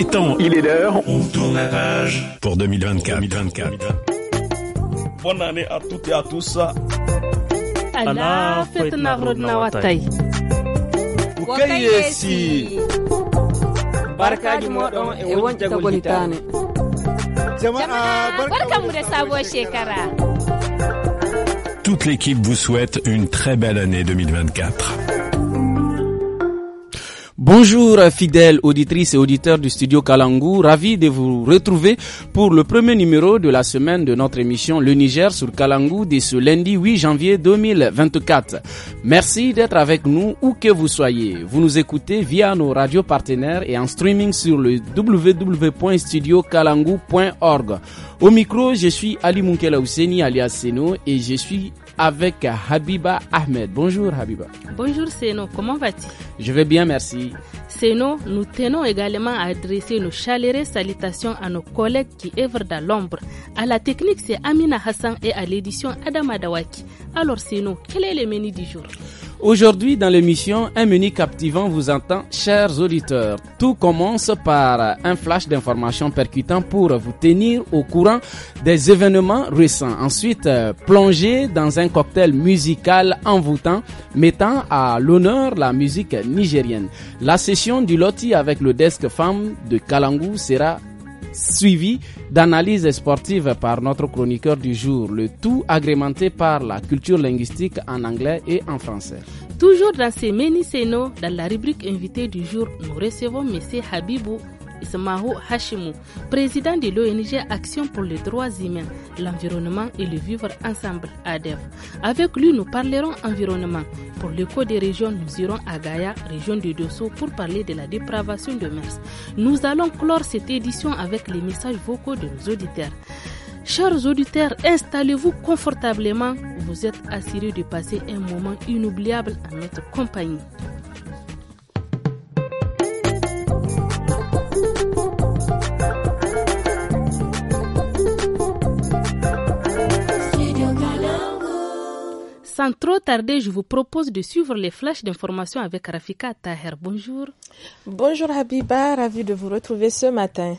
est temps, il est l'heure. pour 2024. Bonne année à toutes et à tous. Toute l'équipe vous souhaite une très belle année 2024. Bonjour fidèles auditrices et auditeurs du studio Kalangou, ravi de vous retrouver pour le premier numéro de la semaine de notre émission Le Niger sur Kalangou dès ce lundi 8 janvier 2024. Merci d'être avec nous où que vous soyez. Vous nous écoutez via nos radios partenaires et en streaming sur le www.studiocalangou.org. Au micro, je suis Ali Moukela Ouseni alias Seno et je suis avec Habiba Ahmed. Bonjour Habiba. Bonjour Seno, comment vas-tu Je vais bien, merci. Seno, nous tenons également à adresser nos chaleureuses salutations à nos collègues qui œuvrent dans l'ombre. À la technique, c'est Amina Hassan et à l'édition Adam Adawaki. Alors Seno, quel est le menu du jour Aujourd'hui, dans l'émission Un menu captivant vous entend, chers auditeurs. Tout commence par un flash d'informations percutant pour vous tenir au courant des événements récents. Ensuite, euh, plonger dans un cocktail musical envoûtant, mettant à l'honneur la musique nigérienne. La session du loti avec le desk femme de Kalangu sera suivi d'analyses sportives par notre chroniqueur du jour, le tout agrémenté par la culture linguistique en anglais et en français. Toujours dans ces nos, dans la rubrique invité du jour, nous recevons M. Habibou Ismahou Hashimou, président de l'ONG Action pour les droits humains, l'environnement et le vivre ensemble ADEF. Avec lui, nous parlerons environnement. Pour l'écho des régions, nous irons à Gaïa, région de Dosso, pour parler de la dépravation de mers. Nous allons clore cette édition avec les messages vocaux de nos auditeurs. Chers auditeurs, installez-vous confortablement. Vous êtes assurés de passer un moment inoubliable à notre compagnie. Sans trop tarder, je vous propose de suivre les flashs d'information avec Rafika Taher. Bonjour. Bonjour Habiba, ravi de vous retrouver ce matin.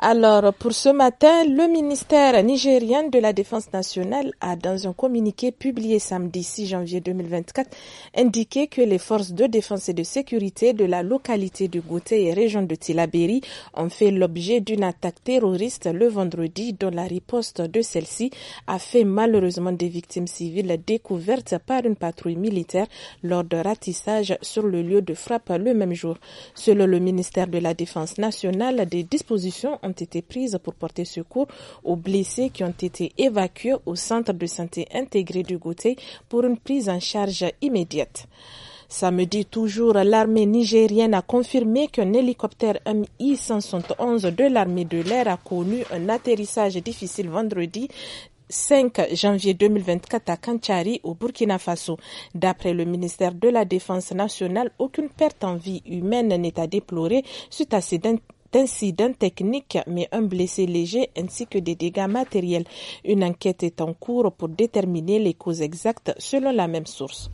Alors, pour ce matin, le ministère nigérien de la Défense nationale a, dans un communiqué publié samedi 6 janvier 2024, indiqué que les forces de défense et de sécurité de la localité de Gouté et région de Tilaberi ont fait l'objet d'une attaque terroriste le vendredi dont la riposte de celle-ci a fait malheureusement des victimes civiles découvertes par une patrouille militaire lors de ratissage sur le lieu de frappe le même jour. Selon le ministère de la Défense nationale, des dispositions ont été prises pour porter secours aux blessés qui ont été évacués au centre de santé intégré du Gouté pour une prise en charge immédiate. Samedi toujours, l'armée nigérienne a confirmé qu'un hélicoptère MI-171 de l'armée de l'air a connu un atterrissage difficile vendredi 5 janvier 2024 à Kanchari au Burkina Faso. D'après le ministère de la Défense nationale, aucune perte en vie humaine n'est à déplorer suite à cet d'incidents technique, mais un blessé léger ainsi que des dégâts matériels. Une enquête est en cours pour déterminer les causes exactes selon la même source.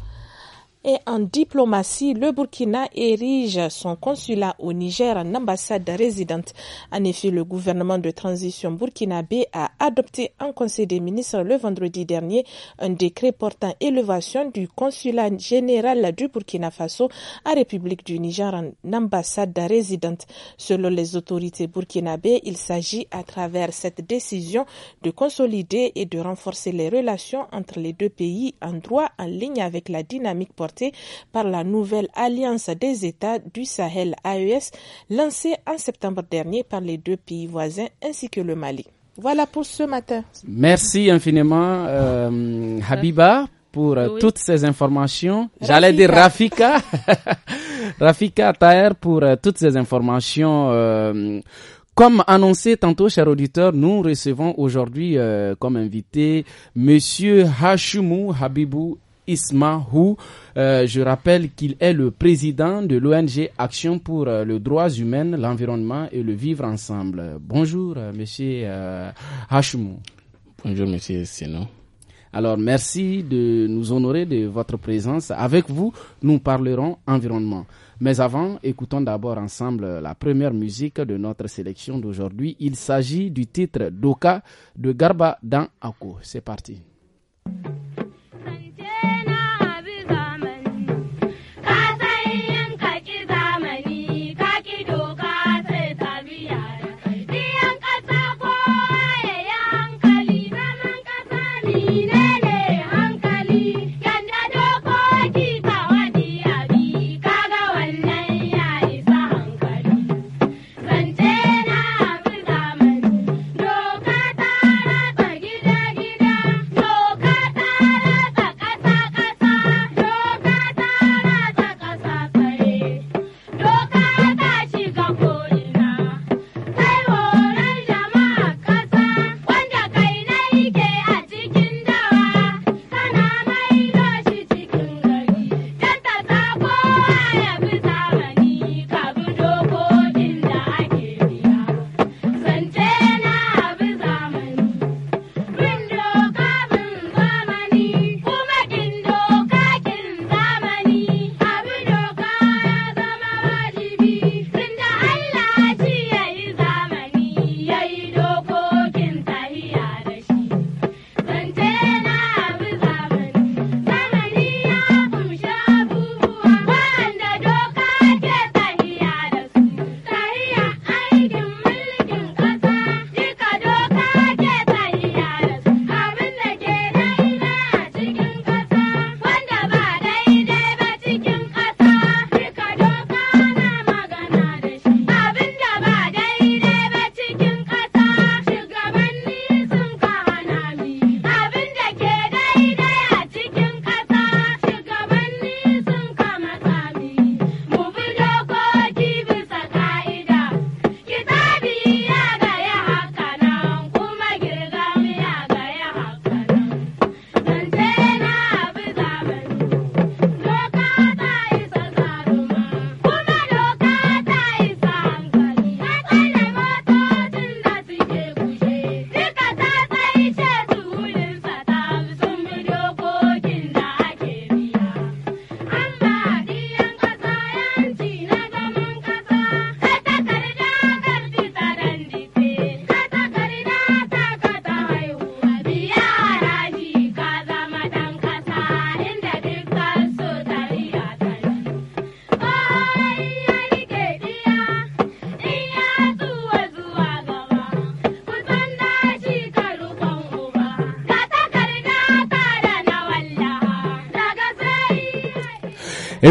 Et en diplomatie, le Burkina érige son consulat au Niger en ambassade résidente. En effet, le gouvernement de transition burkinabé a adopté en Conseil des ministres le vendredi dernier un décret portant élevation du consulat général du Burkina Faso à République du Niger en ambassade résidente. Selon les autorités burkinabées, il s'agit à travers cette décision de consolider et de renforcer les relations entre les deux pays en droit en ligne avec la dynamique portée par la nouvelle Alliance des États du Sahel AES lancée en septembre dernier par les deux pays voisins ainsi que le Mali. Voilà pour ce matin. Merci infiniment, euh, Habiba, pour euh, toutes ces informations. J'allais dire Rafika. Rafika Taher pour euh, toutes ces informations. comme annoncé tantôt, chers auditeurs, nous recevons aujourd'hui comme invité Monsieur Hashimou Habibou Isma euh, je rappelle qu'il est le président de l'ONG Action pour euh, le droit humain, l'environnement et le vivre ensemble. Bonjour, euh, monsieur Hachimou. Bonjour, monsieur Seno. Alors, merci de nous honorer de votre présence. Avec vous, nous parlerons environnement. Mais avant, écoutons d'abord ensemble la première musique de notre sélection d'aujourd'hui. Il s'agit du titre Doka de Garba Dan Ako. C'est parti.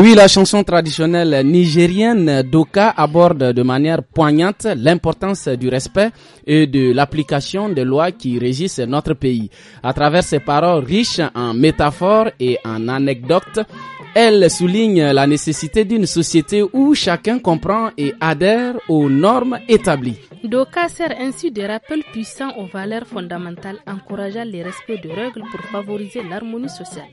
oui, la chanson traditionnelle nigérienne Doka aborde de manière poignante l'importance du respect et de l'application des lois qui régissent notre pays. À travers ses paroles riches en métaphores et en anecdotes, elle souligne la nécessité d'une société où chacun comprend et adhère aux normes établies. Doka sert ainsi de rappel puissant aux valeurs fondamentales encourageant les respects de règles pour favoriser l'harmonie sociale.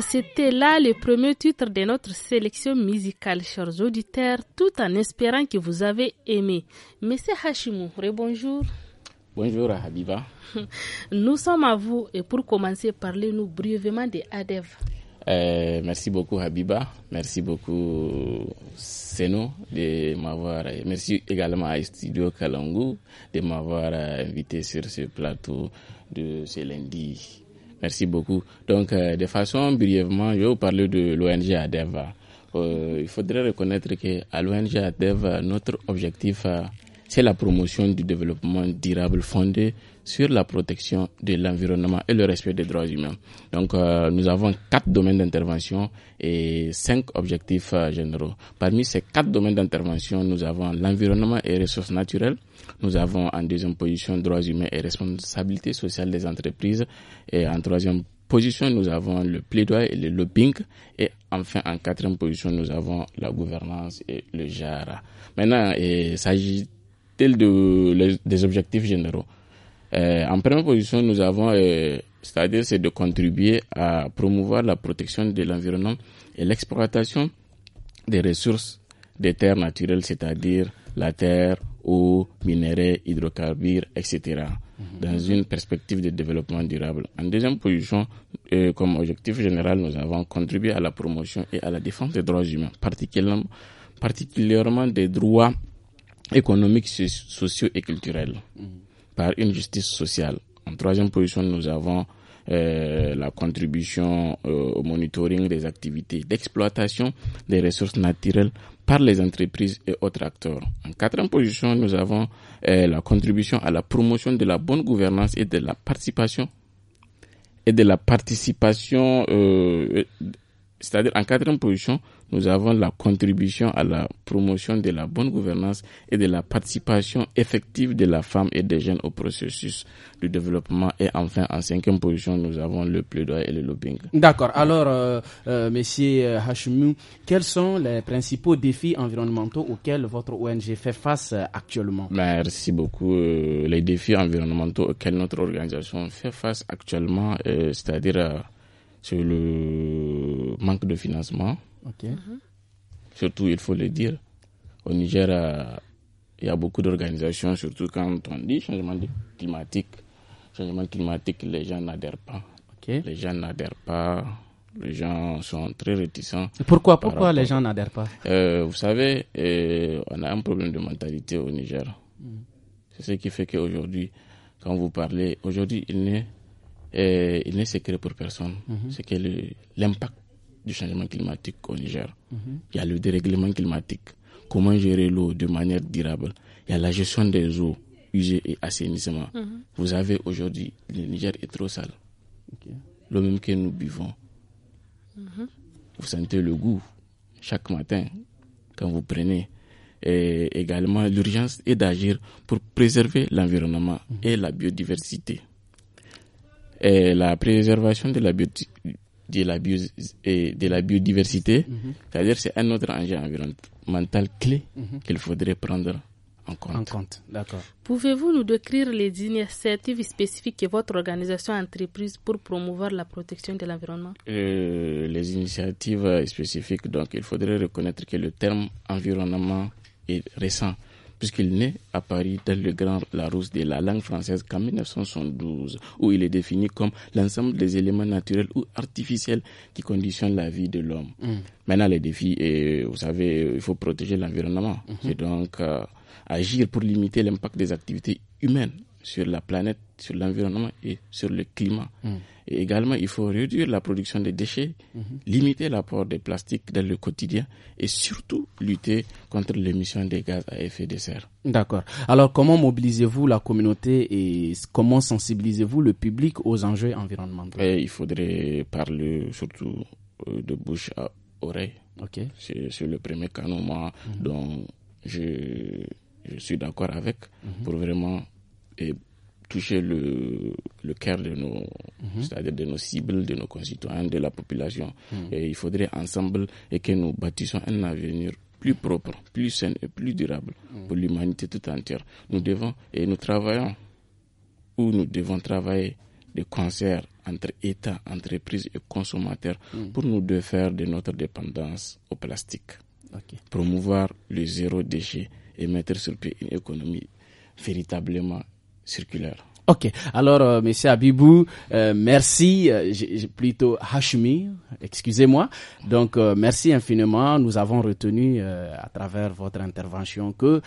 c'était là le premier titre de notre sélection musicale, chers auditeurs, tout en espérant que vous avez aimé. Monsieur Hashimou, bonjour. Bonjour Habiba. Nous sommes à vous et pour commencer, parlez-nous brièvement de ADEV. Euh, merci beaucoup Habiba, merci beaucoup Seno de m'avoir, merci également à Studio Kalangu de m'avoir invité sur ce plateau de ce lundi. Merci beaucoup. Donc, euh, de façon brièvement, je vais vous parler de l'ONG ADEV. Euh, il faudrait reconnaître qu'à l'ONG ADEV, notre objectif, euh, c'est la promotion du développement durable fondé sur la protection de l'environnement et le respect des droits humains. Donc, nous avons quatre domaines d'intervention et cinq objectifs généraux. Parmi ces quatre domaines d'intervention, nous avons l'environnement et ressources naturelles, nous avons en deuxième position droits humains et responsabilité sociale des entreprises. Et en troisième position, nous avons le plaidoyer et le lobbying. Et enfin, en quatrième position, nous avons la gouvernance et le JARA. Maintenant, s'agit-il de, des objectifs généraux euh, En première position, nous avons, euh, c'est-à-dire, c'est de contribuer à promouvoir la protection de l'environnement et l'exploitation des ressources des terres naturelles, c'est-à-dire la terre, eau, minéraux, hydrocarbures, etc. dans une perspective de développement durable. En deuxième position, euh, comme objectif général, nous avons contribué à la promotion et à la défense des droits humains, particulièrement, particulièrement des droits économiques, sociaux et culturels, par une justice sociale. En troisième position, nous avons euh, la contribution euh, au monitoring des activités d'exploitation des ressources naturelles par les entreprises et autres acteurs. En quatrième position, nous avons eh, la contribution à la promotion de la bonne gouvernance et de la participation et de la participation, euh, c'est-à-dire en quatrième position, nous avons la contribution à la promotion de la bonne gouvernance et de la participation effective de la femme et des jeunes au processus de développement. Et enfin, en cinquième position, nous avons le plaidoyer et le lobbying. D'accord. Alors, euh, euh Monsieur euh, quels sont les principaux défis environnementaux auxquels votre ONG fait face euh, actuellement Merci beaucoup. Les défis environnementaux auxquels notre organisation fait face actuellement, c'est-à-dire sur le manque de financement, Ok. Mhm. Surtout, il faut le dire, au Niger, euh, il y a beaucoup d'organisations, surtout quand on dit changement climatique. Changement climatique, les gens n'adhèrent pas. Les gens n'adhèrent pas. Les gens sont très réticents. pourquoi Pourquoi les gens n'adhèrent pas euh, Vous savez, euh, on a un problème de mentalité au Niger. Mm. C'est ce qui fait qu'aujourd'hui, quand vous parlez, aujourd'hui, il n'est secret pour personne. Mm-hmm. C'est que l'impact du changement climatique au Niger. Mhm. Il y a le dérèglement climatique, comment gérer l'eau de manière durable. Il y a la gestion des eaux usées et assainissement. Mhm. Vous avez aujourd'hui, le Niger est trop sale. Le même que nous buvons. Mhm. Vous sentez le goût chaque matin quand vous prenez. Et également, l'urgence est d'agir pour préserver l'environnement et la biodiversité. Et la préservation de la de la, et de la biodiversité, mhm. c'est-à-dire c'est un autre enjeu environnemental clé mhm. qu'il faudrait prendre en compte. En compte. d'accord. Pouvez-vous nous décrire les initiatives spécifiques que votre organisation a entreprises pour promouvoir la protection de l'environnement euh, Les initiatives spécifiques, donc il faudrait reconnaître que le terme environnement est récent puisqu'il naît à Paris dans le Grand Larousse de la langue française qu'en 1972, où il est défini comme l'ensemble des éléments naturels ou artificiels qui conditionnent la vie de l'homme. Mm. Maintenant, le défi, et vous savez, il faut protéger l'environnement. Mm-hmm. Et donc, euh, agir pour limiter l'impact des activités humaines sur la planète, sur l'environnement et sur le climat. Mm. Et également, il faut réduire la production des déchets, mm-hmm. limiter l'apport des plastiques dans le quotidien et surtout lutter contre l'émission des gaz à effet de serre. D'accord. Alors, comment mobilisez-vous la communauté et comment sensibilisez-vous le public aux enjeux environnementaux euh, Il faudrait parler surtout euh, de bouche à oreille. Ok. C'est le premier canon, moi, mm-hmm. dont je suis d'accord avec mm-hmm. pour vraiment et toucher le, cœur de nos, mhm. à de nos cibles, de nos concitoyens, de la population. Mhm. Et il faudrait ensemble et que nous bâtissions un avenir plus propre, plus sain et plus durable mhm. pour l'humanité toute entière. Nous devons et nous travaillons où nous devons travailler de concert entre États, entreprises et consommateurs pour nous défaire de notre dépendance au plastique. Promouvoir le zéro déchet et mettre sur pied une économie véritablement circulaire. Ok. Alors, euh, Monsieur Abibou, euh, merci. Euh, j'ai plutôt Hashmi, excusez-moi. Donc, merci infiniment. Nous avons retenu à travers votre intervention que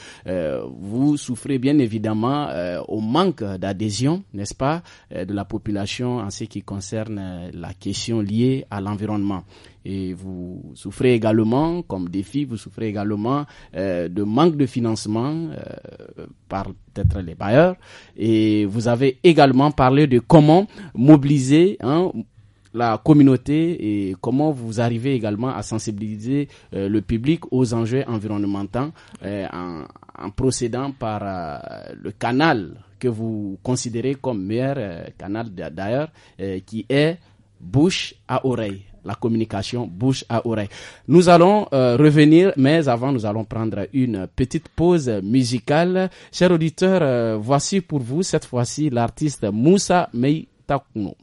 vous souffrez bien évidemment au manque d'adhésion, n'est-ce pas, de la population en ce qui concerne la question liée à l'environnement et vous souffrez également, comme défi, vous souffrez également euh, de manque de financement euh, par peut-être les bailleurs. Et vous avez également parlé de comment mobiliser. Hein, la communauté et comment vous arrivez également à sensibiliser euh, le public aux enjeux environnementaux en, procédant par le canal que vous considérez comme meilleur canal d'ailleurs, qui est bouche à oreille la communication bouche à oreille. Nous allons euh, revenir, mais avant, nous allons prendre une petite pause musicale. Chers auditeurs, euh, voici pour vous cette fois-ci l'artiste Moussa Meitakuno.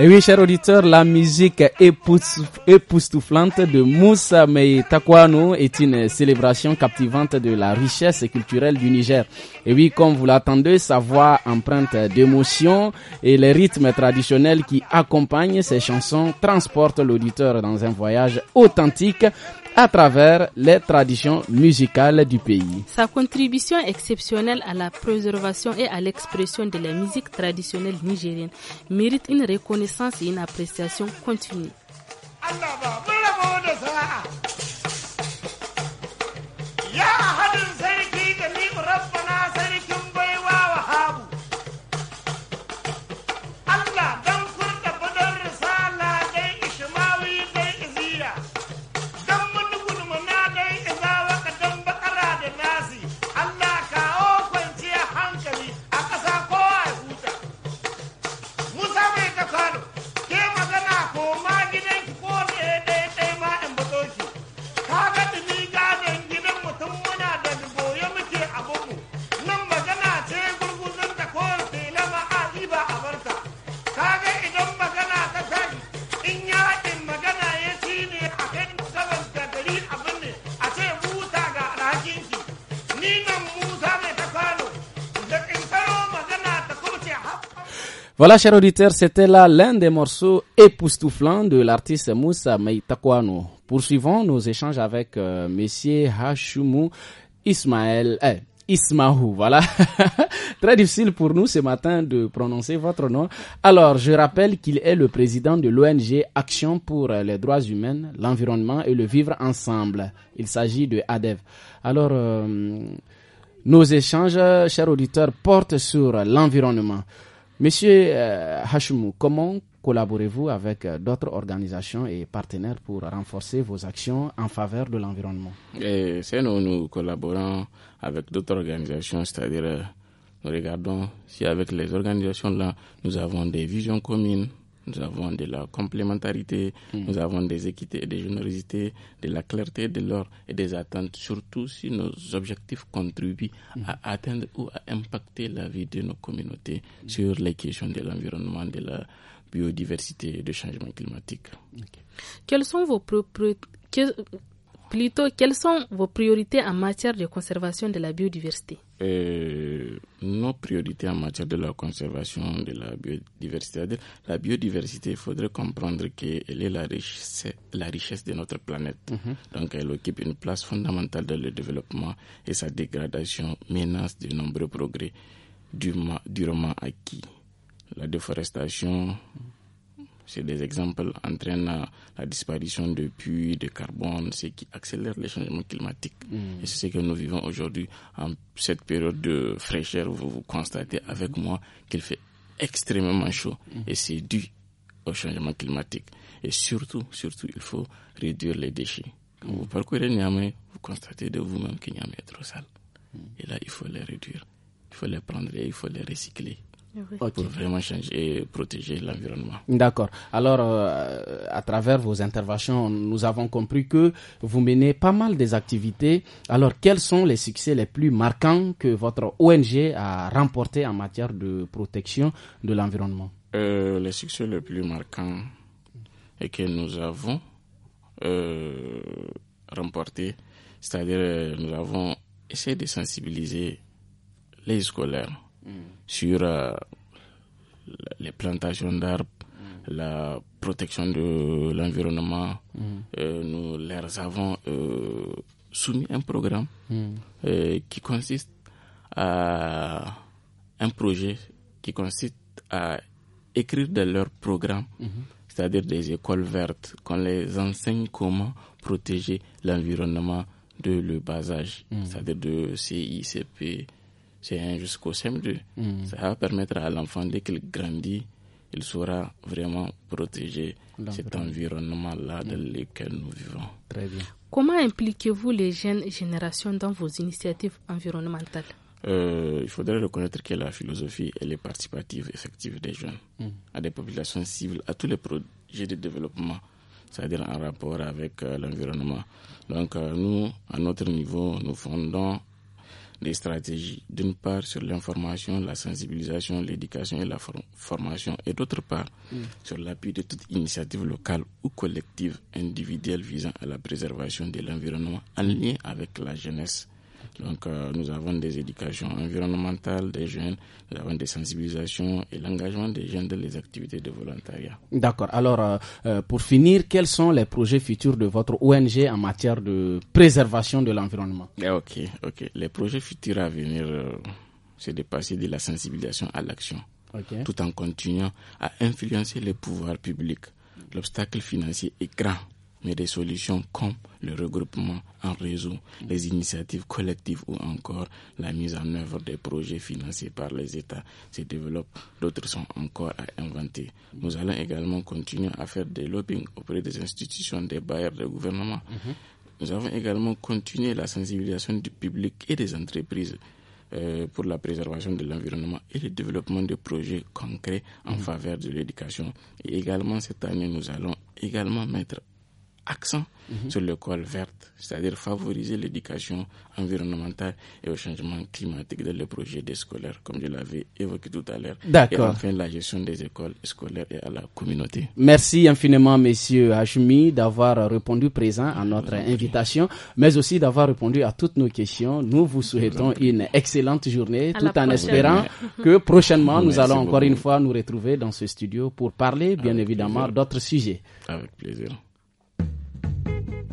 Et oui, chers auditeurs, la musique époustouflante de Moussa Mei Takwano est une célébration captivante de la richesse culturelle du Niger. Et oui, comme vous l'attendez, sa voix empreinte d'émotion et les rythmes traditionnels qui accompagnent ses chansons transportent l'auditeur dans un voyage authentique à travers les traditions musicales du pays. Sa contribution exceptionnelle à la préservation et à l'expression de la musique traditionnelle nigérienne mérite une reconnaissance et une appréciation continue. Voilà, chers auditeurs, c'était là l'un des morceaux époustouflants de l'artiste Moussa Meitakwano. Poursuivons nos échanges avec euh, Monsieur Hashumu Ismaël. Eh, Ismahou, voilà. Très difficile pour nous ce matin de prononcer votre nom. Alors, je rappelle qu'il est le président de l'ONG Action pour les droits humains, l'environnement et le vivre ensemble. Il s'agit de ADEV. Alors, euh, nos échanges, chers auditeurs, portent sur l'environnement. Monsieur euh, comment collaborez-vous avec euh, d'autres organisations et partenaires pour renforcer vos actions en faveur de l'environnement eh, C'est nous, nous collaborons avec d'autres organisations, c'est-à-dire euh, nous regardons si avec les organisations là, nous avons des visions communes nous avons de la complémentarité, hmm. nous avons des équités et des générosités, de la clarté de l'ordre et des attentes, surtout si nos objectifs contribuent hmm. à atteindre ou à impacter la vie de nos communautés sur les questions de l'environnement, de la biodiversité et du changement climatique. sont vos plutôt, quelles sont vos priorités en matière de conservation de la biodiversité euh, nos priorités en matière de la conservation de la biodiversité. La biodiversité, il faudrait comprendre qu'elle est la richesse, la richesse de notre planète. Mhm. Donc elle occupe une place fondamentale dans le développement et sa dégradation menace de nombreux progrès durement acquis. La déforestation, c'est des exemples, entraînent la disparition de puits, de carbone, ce qui accélère les changements climatiques. Mm. Et c'est ce que nous vivons aujourd'hui en cette période de fraîcheur. Vous, vous constatez avec moi qu'il fait extrêmement chaud mm. et c'est dû au changement climatique. Et surtout, surtout, il faut réduire les déchets. Quand vous mm. parcourez Niamey, vous constatez de vous-même que Niamey est trop sale. Et là, il faut les réduire. Il faut les prendre et il faut les recycler. Ah pour vraiment changer et protéger l'environnement. D'accord. Alors, euh, à travers vos interventions, nous avons compris que vous menez pas mal des activités. Alors, quels sont les succès les plus marquants que votre ONG a remporté en matière de protection de l'environnement euh, Les succès les plus marquants et que nous avons euh, remporté, c'est-à-dire euh, nous avons essayé de sensibiliser les scolaires sur euh, les plantations d'arbres, la protection de l'environnement. Euh, nous leur avons euh, soumis un programme qui consiste à un projet qui consiste à écrire dans leur programme, c'est-à-dire des écoles vertes, qu'on les enseigne comment protéger l'environnement de le bas âge, c'est-à-dire de CICP, c'est jusqu'au CM2. Mm. Ça va permettre à l'enfant, dès qu'il grandit, il sera vraiment protéger cet environnement-là dans mm. lequel nous vivons. Très bien. Comment impliquez-vous les jeunes générations dans vos initiatives environnementales euh, Il faudrait reconnaître que la philosophie, elle est participative, effective des jeunes, mm. à des populations civiles, à tous les projets de développement, c'est-à-dire en rapport avec euh, l'environnement. Donc euh, nous, à notre niveau, nous fondons les stratégies, d'une part sur l'information, la sensibilisation, l'éducation et la formation, et d'autre part mm. sur l'appui de toute initiative locale ou collective individuelle visant à la préservation de l'environnement en lien avec la jeunesse donc euh, nous avons des éducations environnementales des jeunes, nous avons des sensibilisations et l'engagement des jeunes dans les activités de volontariat. D'accord. Alors euh, euh, pour finir, quels sont les projets futurs de votre ONG en matière de préservation de l'environnement eh, Ok, Les projets futurs à venir, c'est de passer de la sensibilisation à l'action, tout en continuant à influencer les pouvoirs publics. L'obstacle financier est grand mais des solutions comme le regroupement en réseau, les initiatives collectives ou encore la mise en œuvre des projets financés par les États se développent. D'autres sont encore à inventer. Nous allons également continuer à faire des lobbying auprès des institutions, des bailleurs, des gouvernements. Mhm. Nous avons également continué la sensibilisation du public et des entreprises euh, pour la préservation de l'environnement et le développement de projets concrets en mhm. faveur de l'éducation. Et également cette année, nous allons également mettre accent mhm. sur l'école verte, c'est-à-dire favoriser l'éducation environnementale et au changement climatique dans le projet des scolaires, comme je l'avais évoqué tout à l'heure. D'accord. Et enfin, la gestion des écoles scolaires et à la communauté. Merci infiniment, Monsieur Hachmi, d'avoir répondu présent à notre invitation, mais aussi d'avoir répondu à toutes nos questions. Nous vous souhaitons une excellente journée, tout en espérant que prochainement, nous allons encore une fois nous retrouver dans ce studio pour parler, bien évidemment, d'autres sujets. Avec plaisir.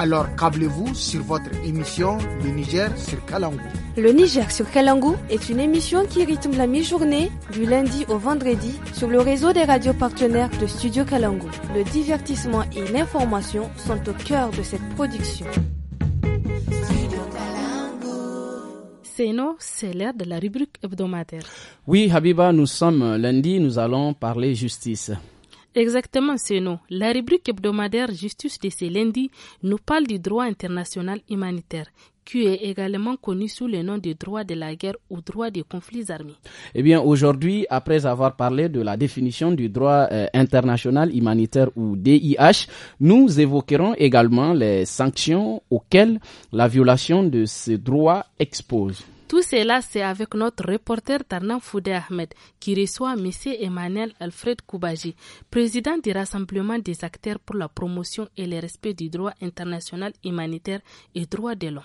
alors câblez-vous sur votre émission Le Niger sur Kalangou. Le Niger sur Kalangou est une émission qui rythme la mi-journée du lundi au vendredi sur le réseau des radios partenaires de Studio Kalangou. Le divertissement et l'information sont au cœur de cette production. c'est l'heure de la rubrique hebdomadaire. Oui, Habiba, nous sommes lundi, nous allons parler justice. Exactement, c'est nous. La rubrique hebdomadaire Justice de ce lundi nous parle du droit international humanitaire qui est également connu sous le nom de droit de la guerre ou droit des conflits armés. Eh bien, aujourd'hui, après avoir parlé de la définition du droit euh, international humanitaire ou DIH, nous évoquerons également les sanctions auxquelles la violation de ce droit expose. Tout cela, c'est avec notre reporter Tarnan Foudé Ahmed qui reçoit M. Emmanuel Alfred Koubaji, président du Rassemblement des acteurs pour la promotion et le respect du droit international humanitaire et droit de l'homme.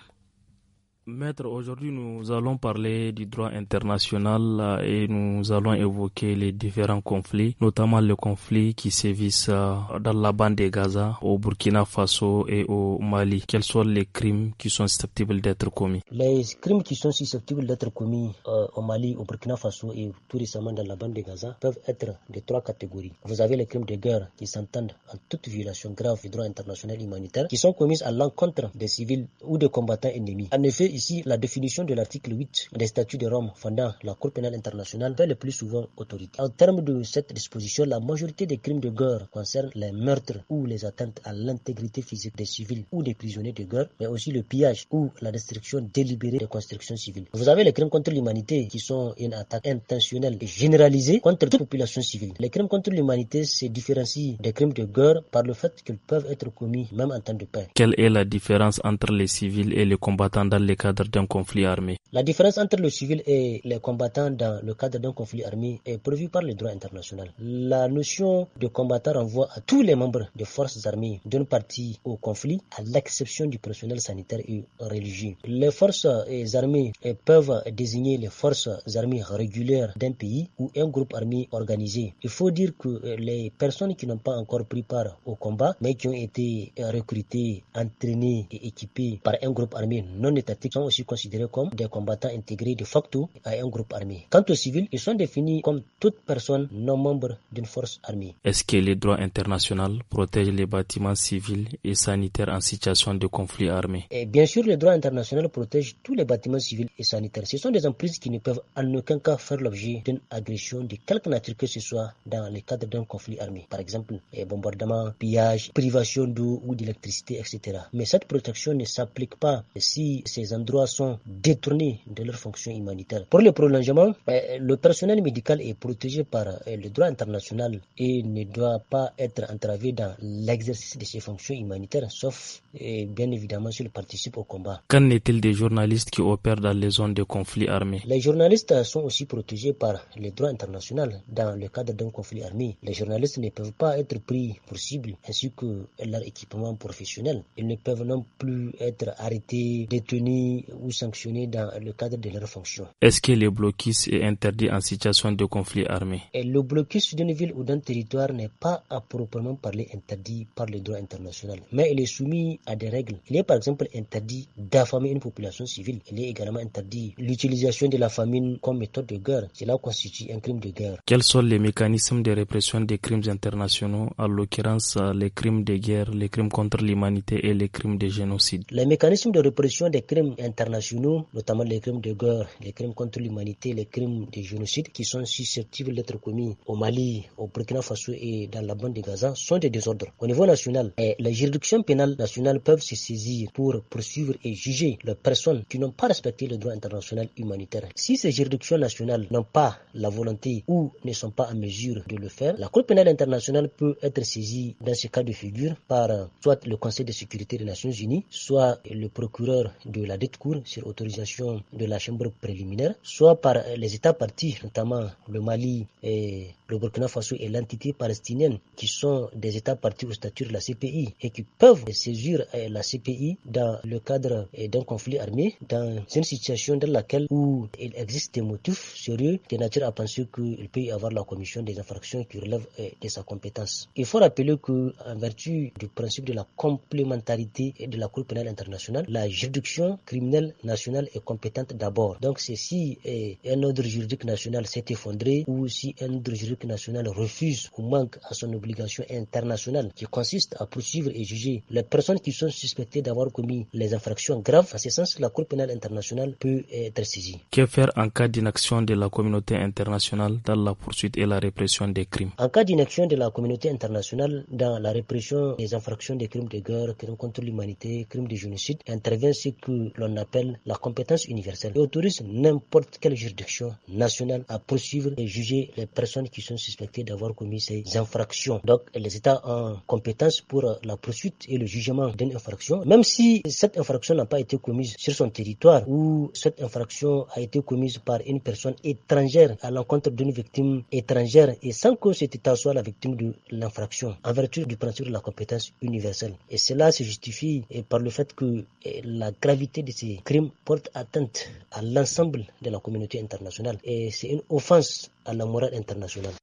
Maître, aujourd'hui nous allons parler du droit international euh, et nous allons évoquer les différents conflits, notamment le conflit qui sévit euh, dans la bande de Gaza, au Burkina Faso et au Mali. Quels sont les crimes qui sont susceptibles d'être commis Les crimes qui sont susceptibles d'être commis euh, au Mali, au Burkina Faso et tout récemment dans la bande de Gaza peuvent être de trois catégories. Vous avez les crimes de guerre qui s'entendent en toute violation grave du droit international humanitaire qui sont commis à l'encontre des civils ou des combattants ennemis. En effet, ici la définition de l'article 8 des statuts de Rome fondant la Cour pénale internationale fait le plus souvent autorité. En termes de cette disposition, la majorité des crimes de guerre concernent les meurtres ou les atteintes à l'intégrité physique des civils ou des prisonniers de guerre, mais aussi le pillage ou la destruction délibérée des constructions civiles. Vous avez les crimes contre l'humanité qui sont une attaque intentionnelle et généralisée contre toute population civile. Les crimes contre l'humanité se différencient des crimes de guerre par le fait qu'ils peuvent être commis même en temps de paix. Quelle est la différence entre les civils et les combattants dans les cadre d'un conflit armé. La différence entre le civil et les combattants dans le cadre d'un conflit armé est prévue par le droit international. La notion de combattant renvoie à tous les membres des forces armées d'une partie au conflit, à l'exception du personnel sanitaire et religieux. Les forces euh, armées euh, peuvent désigner les forces armées régulières d'un pays ou un groupe armé organisé. Il faut dire que euh, les personnes qui n'ont pas encore pris part au combat, mais qui ont été recrutées, entraînées et équipées par un groupe armé non étatique, sont aussi considérés comme des combattants intégrés de facto à un groupe armé. Quant aux civils, ils sont définis comme toute personne non membre d'une force armée. Est-ce que les droits internationaux protègent les bâtiments civils et sanitaires en situation de conflit armé et Bien sûr, les droits internationaux protègent tous les bâtiments civils et sanitaires. Ce sont des emprises qui ne peuvent en aucun cas faire l'objet d'une agression de quelque nature que ce soit dans le cadre d'un conflit armé. Par exemple, bombardements, pillages, privation d'eau ou d'électricité, etc. Mais cette protection ne s'applique pas si ces droits sont mm. détournés de leurs fonctions humanitaires. Pour le prolongement, ben, le personnel médical est protégé par euh, le droit international et ne doit pas être entravé dans l'exercice de ses fonctions humanitaires, sauf euh, bien évidemment s'il participe au combat. Qu'en est-il des journalistes qui opèrent dans les zones de conflit armé Les journalistes sont aussi protégés par le droit international dans le cadre d'un conflit armé. Les journalistes ne peuvent pas être pris pour cible ainsi que leur équipement professionnel. Ils ne peuvent non plus être arrêtés, détenus ou sanctionnés dans le cadre de leurs fonctions. Est-ce que le blocus est interdit en situation de conflit armé Et Le blocus d'une ville ou d'un territoire n'est pas à proprement parler interdit par le droit international, mais il est soumis à des règles. Il est par exemple interdit d'affamer une population civile. Il est également interdit l'utilisation de la famine comme méthode de guerre. Cela constitue un crime de guerre. Quels sont les mécanismes de répression des crimes internationaux, en l'occurrence euh, les crimes de guerre, les crimes contre l'humanité et les crimes de génocide Les mécanismes de répression des crimes internationaux, notamment les crimes de guerre, les crimes contre l'humanité, les crimes de génocide qui sont susceptibles d'être commis au Mali, au Burkina Faso et dans la bande de Gaza sont des désordres. Au niveau national, eh, les juridictions pénales nationales peuvent se saisir pour poursuivre et juger les personnes qui n'ont pas respecté le droit international humanitaire. Si ces juridictions nationales n'ont pas la volonté ou ne sont pas en mesure de le faire, la Cour pénale internationale peut être saisie dans ce cas de figure par soit le Conseil de sécurité des Nations Unies, soit le procureur de la Déclaration sur autorisation de la chambre préliminaire, soit par les États partis, notamment le Mali et le Burkina Faso et l'entité palestinienne, qui sont des États partis au statut de la CPI et qui peuvent saisir euh, la CPI dans le cadre euh, d'un conflit armé, dans une situation dans laquelle où il existe des motifs sérieux de nature à penser qu'il peut y avoir la commission des infractions qui relèvent euh, de sa compétence. Il faut rappeler que, en vertu du principe de la complémentarité de la Cour pénale internationale, la juridiction criminelle nationale est compétente d'abord. Donc c'est si eh, un ordre juridique national s'est effondré ou si un ordre juridique national refuse ou manque à son obligation internationale qui consiste à poursuivre et juger les personnes qui sont suspectées d'avoir commis les infractions graves. En ce sens, la Cour pénale internationale peut être saisie. Que faire en cas d'inaction de la communauté internationale dans la poursuite et la répression des crimes En cas d'inaction de la communauté internationale dans la répression des infractions des crimes de guerre, crimes contre l'humanité, crimes de génocide, intervient ce que on appelle la compétence universelle et autorise n'importe quelle juridiction nationale à poursuivre et juger les personnes qui sont suspectées d'avoir commis ces infractions. Donc les États ont compétence pour la poursuite et le jugement d'une infraction, même si cette infraction n'a pas été commise sur son territoire ou cette infraction a été commise par une personne étrangère à l'encontre d'une victime étrangère et sans que cet État soit la victime de l'infraction, en vertu du principe de la compétence universelle. Et cela se justifie par le fait que eh, la gravité de ces crimes porte atteinte à l'ensemble de la communauté internationale et c'est une offense à la morale internationale.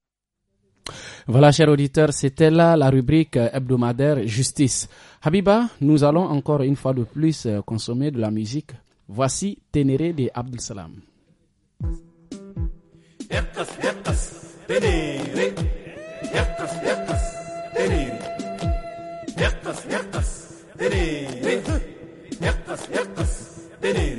Voilà, chers auditeurs, c'était là la rubrique hebdomadaire Justice. Habiba, nous allons encore une fois de plus euh, consommer de la musique. Voici Ténéré de abdelsalam Salam. يقص يقص دنيري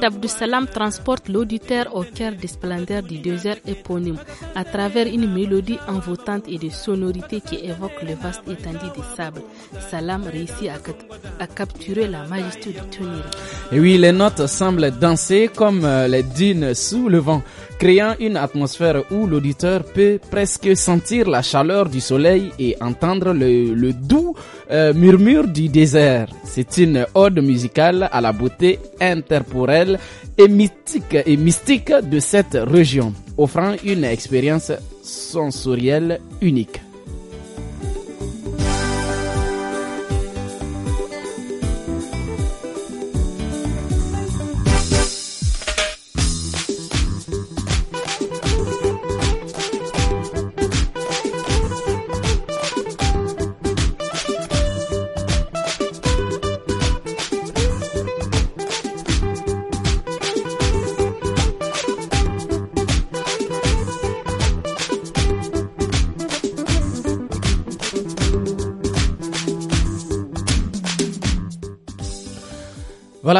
d'Abdussalam transporte l'auditeur au cœur des splendeurs du désert éponyme à travers une mélodie envoûtante et de sonorités qui évoquent le vaste étendue des sables. Salam réussit à, capturer la majesté du tonnerre. Et oui, les notes semblent danser comme euh, les dunes sous le vent, créant une atmosphère où l'auditeur peut presque sentir la chaleur du soleil et entendre le, doux euh, murmure du désert. C'est une ode musicale à la beauté intemporelle et et mystique de cette région, offrant une expérience sensorielle unique.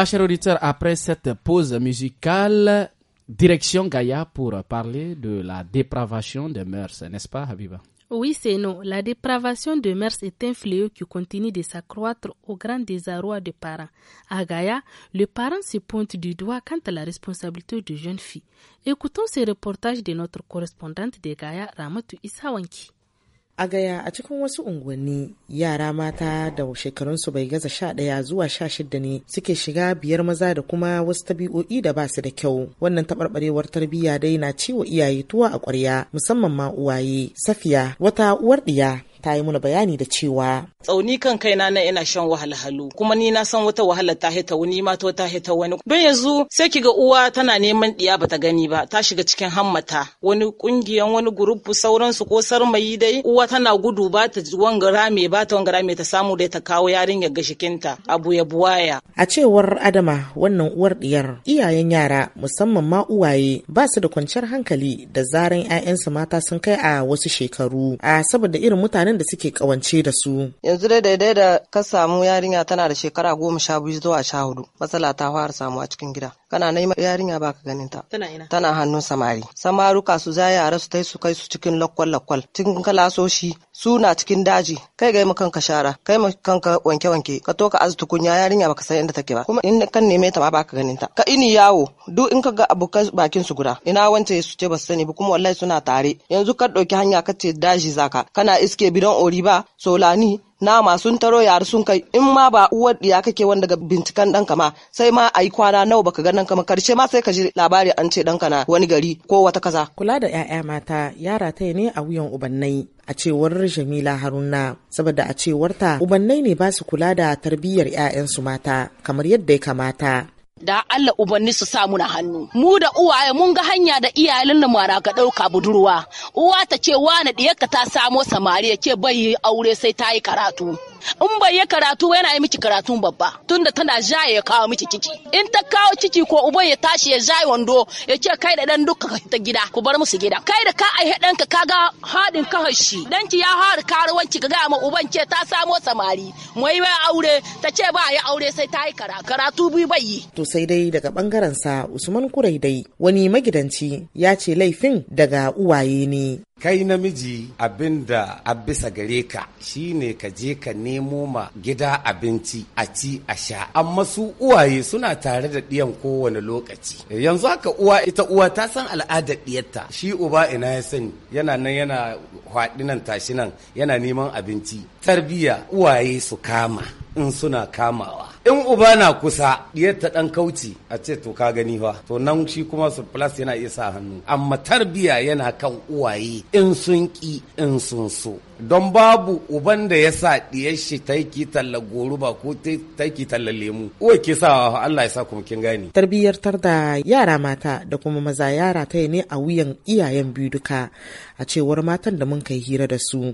chers auditeurs, après cette pause musicale, direction Gaïa pour parler de la dépravation des mœurs, n'est-ce pas, Habiba oui, c'est non. La dépravation des mœurs est un fléau qui continue de s'accroître au grand désarroi des parents. À Gaïa, le parent se pointe du doigt quant à la responsabilité de jeune fille. Écoutons ce reportage de notre correspondante de Gaïa, Ramatou Isawanki. a gaya a cikin wasu unguwanni yara mata da shekarunsu bai gaza sha ɗaya zuwa sha shida ne suke shiga biyar maza da kuma wasu tabi'o'i da ba su da kyau wannan taɓarɓarewar tarbiyya dai na ciwo iyaye tuwa a ƙwarya musamman ma uwaye safiya wata uwar ɗiya ta yi mana bayani da cewa tsauni kan kaina na ina shan wahalhalu kuma ni na san wata wahala ta hita wani ma to ta hita wani don yanzu sai ga uwa tana neman diya bata gani ba ta shiga cikin hammata wani kungiyan wani sauran sauransu ko sarmayi dai uwa tana gudu ba ta wangara me ba ta wangara me ta samu dai ta kawo yarinya ga shikinta abu ya buwaya a cewar adama wannan uwar diyar iyayen yara musamman ma uwaye ba su da kwanciyar hankali da zaran 'ya'yansu mata sun kai a wasu shekaru a saboda irin mutane. mutanen da suke kawance da su. Yanzu dai daidai da ka samu yarinya tana da shekara goma sha biyu zuwa sha hudu matsala ta fara samu a cikin gida. kana neman yarinya ba ka ganin ta tana hannun samari samaruka su za yara su tai su kai su cikin lakwal lakwal cikin shi su na cikin daji kai ga mu kanka shara kai ma kanka wanke wanke ka to ka azu tukunya yarinya ba ka san inda take ba kuma in kan neme ta ma ba ka ganin ta ka ini yawo duk in ka ga abokan bakin su guda ina wance su ce ba su sani ba kuma wallahi suna tare yanzu ka ɗauki hanya ka ce daji zaka kana iske bidon ori ba solani nama sun taro yar sun kai in ma ba uwar diya kake wanda ga bincikan dan ma sai ma ayi kwana nawa baka ga ɗanka ma karshe ma sai ka ji labari an ce ɗanka na wani gari ko wata kaza. Kula da 'ya'ya mata yara ta ne a wuyan ubannai a cewar Jamila Haruna saboda a cewarta ubannai ne ba su kula da tarbiyyar 'ya'yansu mata kamar yadda ya kamata da Allah ubanni su sa na hannu mu da uwaye mun ga hanya da iyalin da mara ka ɗauka budurwa uwa ta ce wani ɗiyarka ta samo samari ya ce bai aure sai ta yi karatu in bai yi karatu yana yi miki karatun babba tunda tana jaye ya kawo miki ciki in ta kawo ciki ko uban ya tashi ya jaye wando ya ce kai da dan duka ta gida ku bar musu gida kai da ka aihe ka kaga hadin kahar shi danki ya fara karuwanci ka gaya ma uban ce ta samo samari mai wai aure ta ce ba ya aure sai ta yi karatu karatu biyu bai yi to sai dai daga bangaren sa Usman Kurai wani magidanci ya ce laifin daga uwaye ne kai namiji abin da a bisa gare ka shine ka je ka nemo ma gida abinci a ci a sha amma su uwaye suna tare da ɗiyan kowane lokaci yanzu haka uwa ita uwa ta san al'adar ɗiyarta shi uba ina ya sani yana nan yana haɗi nan tashi nan yana neman abinci tarbiyya uwaye su kama in suna kamawa in uba na kusa ta dan kauci a ce to ka gani fa to nan shi kuma surplus yana iya sa hannu amma tarbiya yana kan uwaye in sun ki in sun so don babu uban da ya sa diyar shi ta yi talla goruba ko ta yi talla lemu uwa ke sa Allah ya sa kuma kin gane tarbiyartar da yara mata da kuma maza yara ta ne a wuyan iyayen biyu duka a cewar matan da mun kai hira da su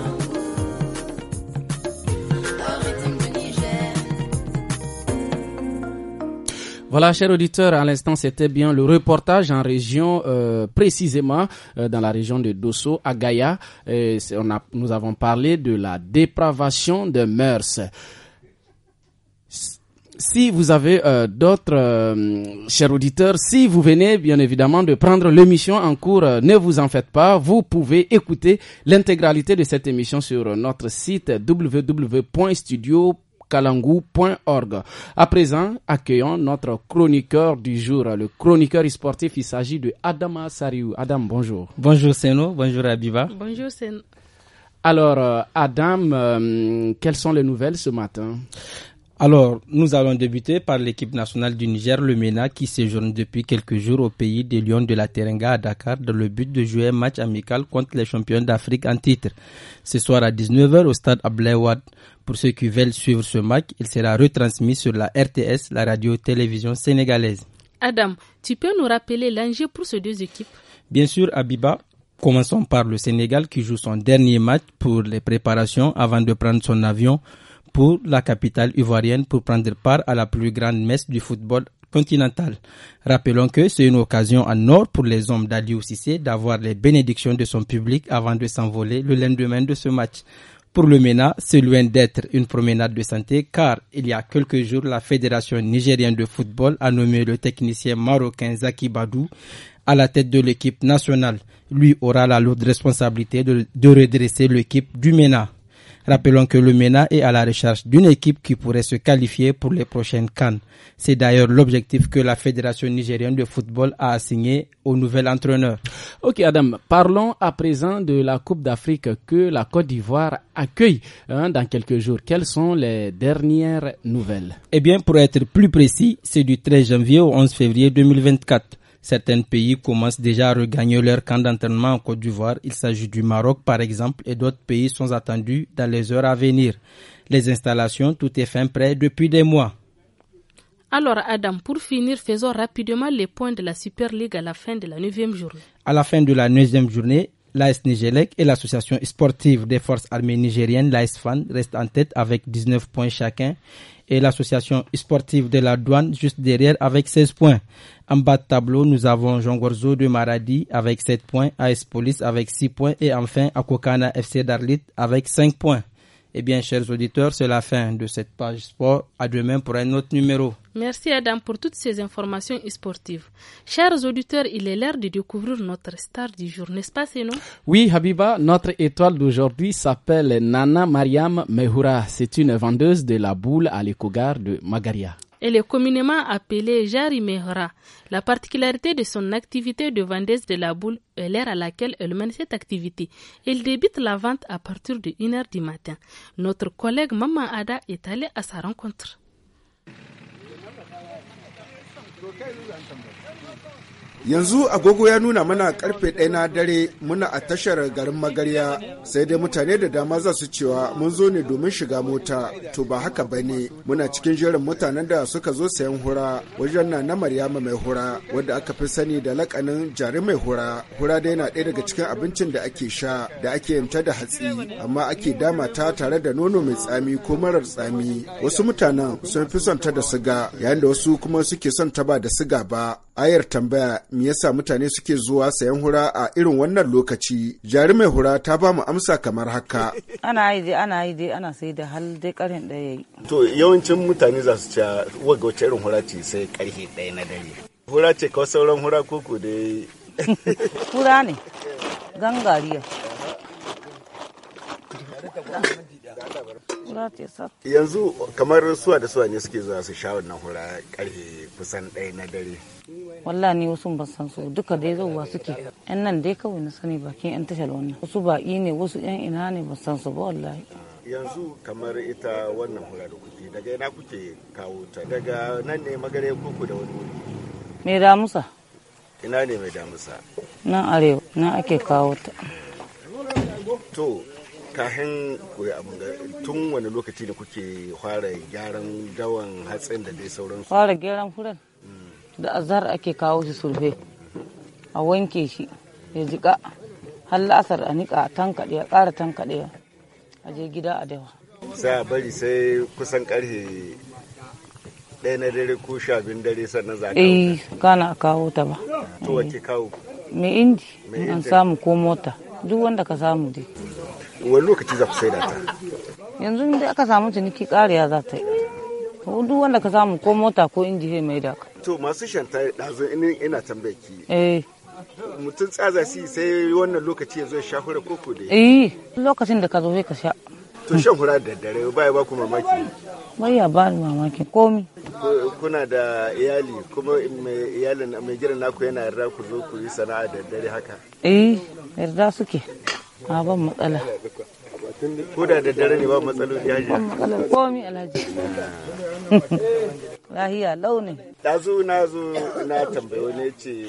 Voilà, chers auditeurs, à l'instant, c'était bien le reportage en région, euh, précisément euh, dans la région de Dosso, à Gaïa. Et on a, nous avons parlé de la dépravation de mœurs. Si vous avez euh, d'autres, chers auditeurs, si vous venez bien évidemment de prendre l'émission en cours, ne vous en faites pas, vous pouvez écouter l'intégralité de cette émission sur notre site www.studio.com kalangu.org. À présent, accueillons notre chroniqueur du jour, le chroniqueur sportif. Il s'agit de Adama Sariou. Adam, bonjour. Bonjour Seno, bonjour Abiva. Bonjour Seno. Alors, euh, Adam, euh, quelles sont les nouvelles ce matin alors, nous allons débuter par l'équipe nationale du Niger, le MENA, qui séjourne depuis quelques jours au pays des Lions de la Terenga à Dakar dans le but de jouer un match amical contre les champions d'Afrique en titre. Ce soir à 19h au stade Ablaywad. Pour ceux qui veulent suivre ce match, il sera retransmis sur la RTS, la radio-télévision sénégalaise. Adam, tu peux nous rappeler l'enjeu pour ces deux équipes Bien sûr, Abiba, Commençons par le Sénégal qui joue son dernier match pour les préparations avant de prendre son avion pour la capitale ivoirienne pour prendre part à la plus grande messe du football continental. Rappelons que c'est une occasion en or pour les hommes d'Aliou Cissé d'avoir les bénédictions de son public avant de s'envoler le lendemain de ce match. Pour le MENA, c'est loin d'être une promenade de santé car il y a quelques jours, la Fédération nigérienne de football a nommé le technicien marocain Zaki Badou à la tête de l'équipe nationale. Lui aura la lourde responsabilité de redresser l'équipe du MENA. Rappelons que le MENA est à la recherche d'une équipe qui pourrait se qualifier pour les prochaines Cannes. C'est d'ailleurs l'objectif que la Fédération nigérienne de football a assigné au nouvel entraîneur. Ok Adam, parlons à présent de la Coupe d'Afrique que la Côte d'Ivoire accueille hein, dans quelques jours. Quelles sont les dernières nouvelles Eh bien, pour être plus précis, c'est du 13 janvier au 11 février 2024. Certains pays commencent déjà à regagner leur camp d'entraînement en Côte d'Ivoire. Il s'agit du Maroc, par exemple, et d'autres pays sont attendus dans les heures à venir. Les installations, tout est fin prêt depuis des mois. Alors Adam, pour finir, faisons rapidement les points de la Super League à la fin de la neuvième journée. À la fin de la neuvième journée, l'AS Nigélec et l'association sportive des forces armées nigériennes, l'AS FAN, restent en tête avec 19 points chacun et l'association sportive de la douane juste derrière avec 16 points. En bas de tableau, nous avons Jean Gorzo de Maradi avec 7 points, AS Police avec 6 points et enfin Akokana FC Darlit avec 5 points. Eh bien, chers auditeurs, c'est la fin de cette page sport. À demain pour un autre numéro. Merci Adam pour toutes ces informations sportives. Chers auditeurs, il est l'heure de découvrir notre star du jour, n'est-ce pas, sinon Oui, Habiba, notre étoile d'aujourd'hui s'appelle Nana Mariam Mehura. C'est une vendeuse de la boule à l'écogar de Magaria. Elle est communément appelée Jari Mehra. La particularité de son activité de vendeuse de la boule est l'heure à laquelle elle mène cette activité. Elle débute la vente à partir de 1h du matin. Notre collègue Maman Ada est allée à sa rencontre. yanzu agogo ya nuna mana karfe ɗaya na dare muna a tashar garin magarya sai dai mutane da dama za su cewa mun zo ne domin shiga mota to ba haka ba ne muna cikin jerin mutanen da suka zo sayan hura wajen na na maryama mai hura wadda aka fi sani da lakanin jari mai hura hura dai na ɗaya daga cikin abincin da ake sha da ake yanta da hatsi amma ake dama ta tare da nono mai tsami ko marar tsami wasu mutanen sun fi son ta da siga yayin da wasu kuma suke son ta ba da siga ba ayar tambaya me yasa mutane suke zuwa sayan hura a irin wannan lokaci jari mai hura ta ba mu amsa kamar haka ana yi dai ana yi dai ana sai da hal dai karin daya yayi to yawancin mutane za su ci waga wace irin hura ce sai karhe ɗaya na dare hura ce kawai sauran hura koko dai hura ne gangariya yanzu kamar suwa da suwa ne suke zuwa su sha wannan hura karfe kusan ɗaya na dare wallahi ni wasu ba san su duka dai zauwa suke yan nan dai kawai na sani bakin yan tashar wannan wasu baƙi ne wasu yan ina ne ba san su ba wallahi yanzu kamar ita wannan hura da kuke daga ina kuke kawo ta daga nan ne magare kuku da wani wuri me damusa ina ne mai damusa nan arewa nan ake kawo ta to ta hin yi abin tun wani lokaci da kuke fara gyaran dawan hatsin da dai sauransu fara gyaran furen da azar ake kawo shi sulfe a wanke shi ya jika har la'asar a niƙa a tankaɗe a ƙara tankaɗe a je gida a dawa sai a bari sai kusan ƙarfe ɗaya na dare ko sha biyun dare sannan za ka eh kana kawo ta ba to wace kawo mai inji an samu ko mota duk wanda ka samu dai wani lokaci za ku da ta yanzu inda aka samu ciniki kariya za ta yi duk wanda ka samu ko mota ko inji zai mai da to masu shanta ɗazu ina tambaya ki eh mutum tsaza si sai wannan lokaci ya ya shahura hura koko da eh lokacin da ka zo sai ka sha to shan hura da dare ya ba ku mamaki ya ba ni mamaki komi kuna da iyali kuma mai iyalin mai gidan naku yana yarda ku zo ku yi sana'a da dare haka eh yarda suke a ban matsala ko da da dare ne ba matsaloli ya ji matsalar komi alhaji lahiya launin dazu na zo na tambayo ne ce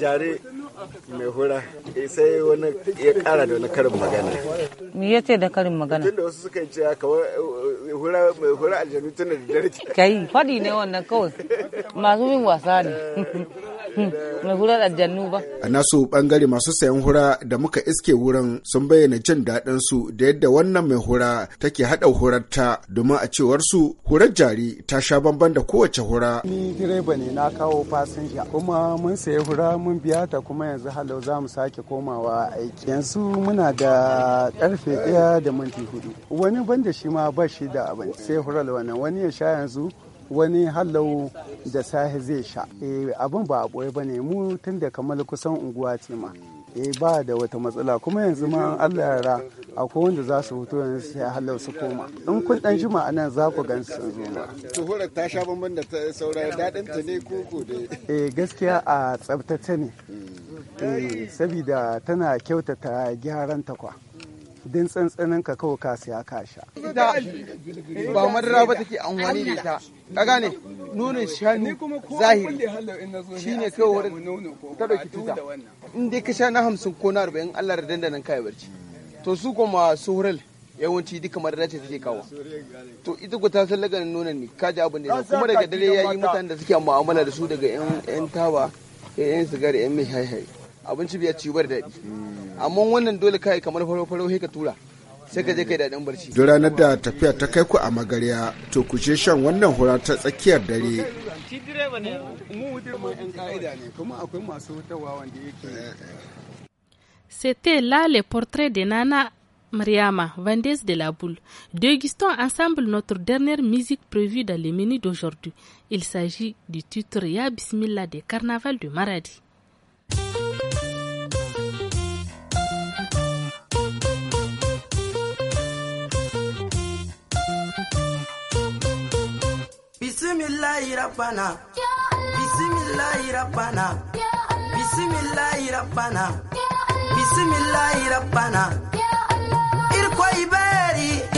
jare mai hura eh, sai wani ya kara da wani karin magana me ya ce da karin magana tunda wasu suka ce kawai eh, hura mai hura aljanu tun da dare kai fadi ne wannan kawai masu yin wasa ne eh, mai hura aljanu ba a nasu bangare masu sayan hura da muka iske wurin sun bayyana jin daɗin su da yadda wannan mai hura take haɗa hurarta domin a cewar su hurar jari ta sha bamban da kowace hura ni direba ne na kawo fasinja kuma mun sayi hura lura mun biya ta kuma yanzu halau za mu sake komawa aiki yanzu muna da karfe ɗaya da minti hudu wani banda shi ma ba shi da abin sai hural wannan wani ya sha yanzu wani halau da sahi zai sha eh, abin ba a ɓoye ba ne mu tun da kamar kusan unguwa ce ma eh ba da wata matsala kuma yanzu ma an Allah yara akwai wanda za su fito yanzu sai halau su koma in kun dan jima a nan za ku gan su sun zo ba tuhurar ta sha bamban da ta saura dadin ta ne da dai eh gaskiya a tsabtace ne hmm. eh sabida tana kyautata gyaran ta kwa din tsantsanin ka kawai ka siya ka sha. ba madara ba take amfani da ta Ka gane nonon shanu zahiri shi ne kawai wurin ta ɗauki tuta. In dai ka sha na hamsin ko na arba'in Allah da dandanan kai barci. To su kuma suhural yawanci duka madara ce take kawo to ita ku ta san laganin nonon ne ka ji abin da kuma daga dare ya yi mutanen da suke mu'amala da su daga yan taba yan sigari yan mai haihai abinci bai ci bar daɗi amma wannan dole kai kamar farau-farau sai ka tura sai ka je kai daɗin barci. Duk ranar da tafiya ta kai ku a magarya to ku je shan wannan hura ta tsakiyar dare. Shi direba mu direba ɗan ne kuma akwai masu hutawa wanda yake. C'était là les portraits de Nana Mariama, vendeuse de la boule. Dégustons ensemble notre dernière musique prévue dans les menus d'aujourd'hui. Il s'agit du titre Ya Bismillah des Carnaval de Maradi. Bismillahi Rabbana. Bismillahi Rabbana. Bismillahi Rabbana. Bismillahi Rabbana. Irko Iberi.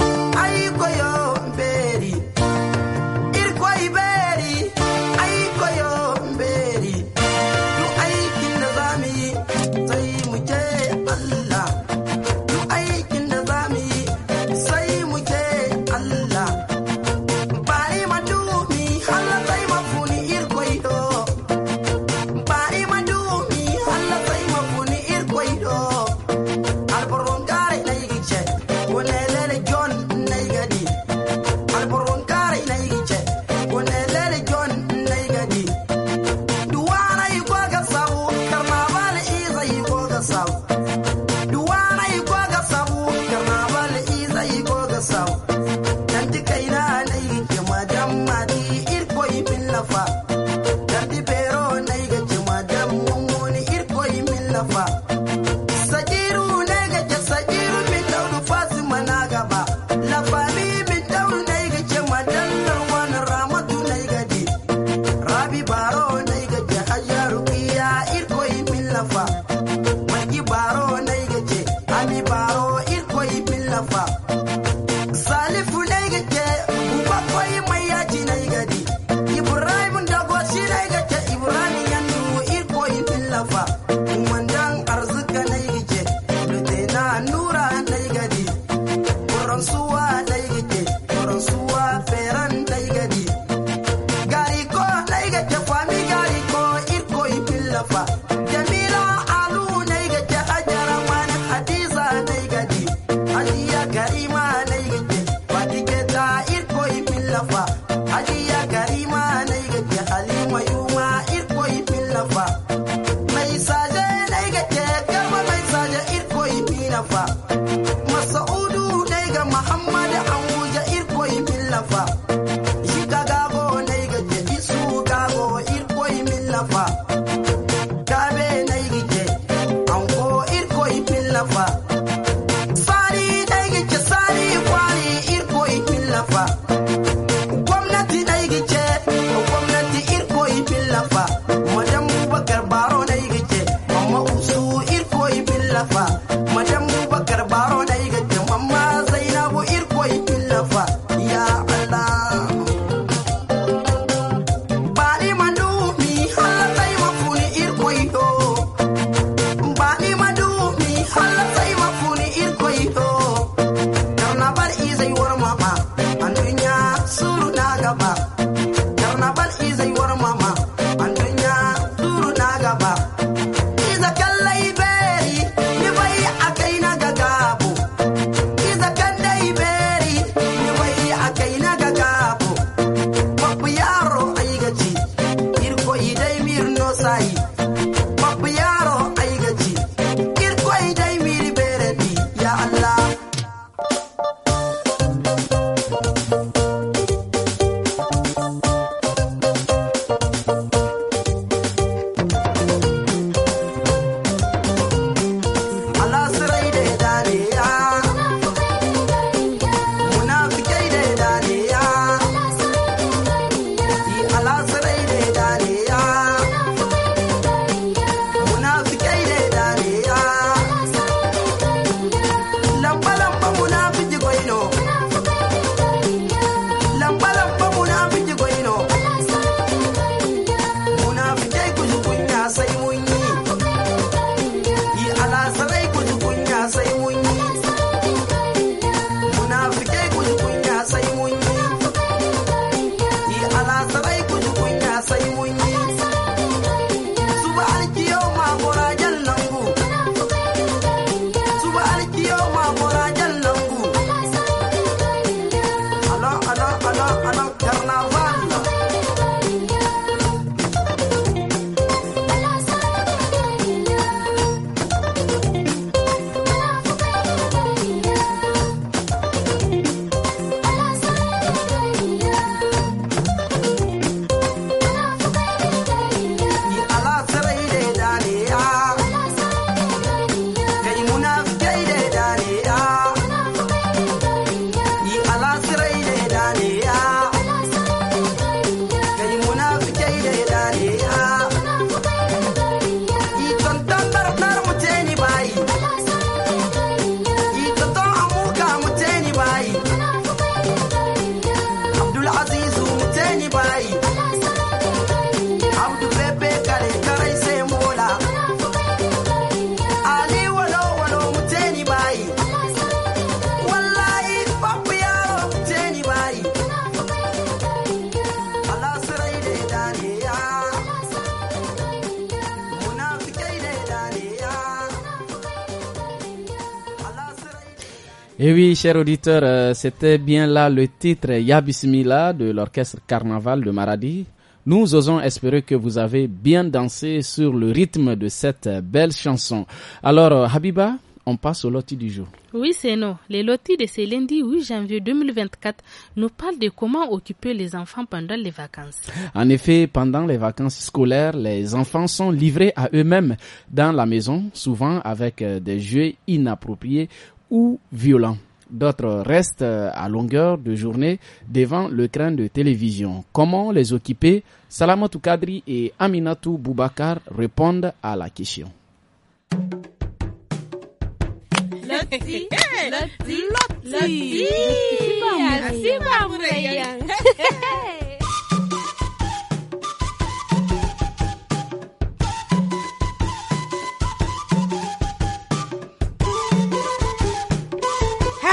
oui, chers auditeurs, euh, c'était bien là le titre Yabismila de l'orchestre Carnaval de Maradi. Nous osons espérer que vous avez bien dansé sur le rythme de cette belle chanson. Alors, euh, Habiba, on passe au loti du jour. Oui, c'est nous. Les lotis de ce lundi 8 janvier 2024 nous parlent de comment occuper les enfants pendant les vacances. En effet, pendant les vacances scolaires, les enfants sont livrés à eux-mêmes dans la maison, souvent avec euh, des jeux inappropriés ou violents. D'autres restent euh, à longueur de journée devant le crâne de télévision. Comment les occuper Salamatou Kadri et Aminatou Boubacar répondent à la question.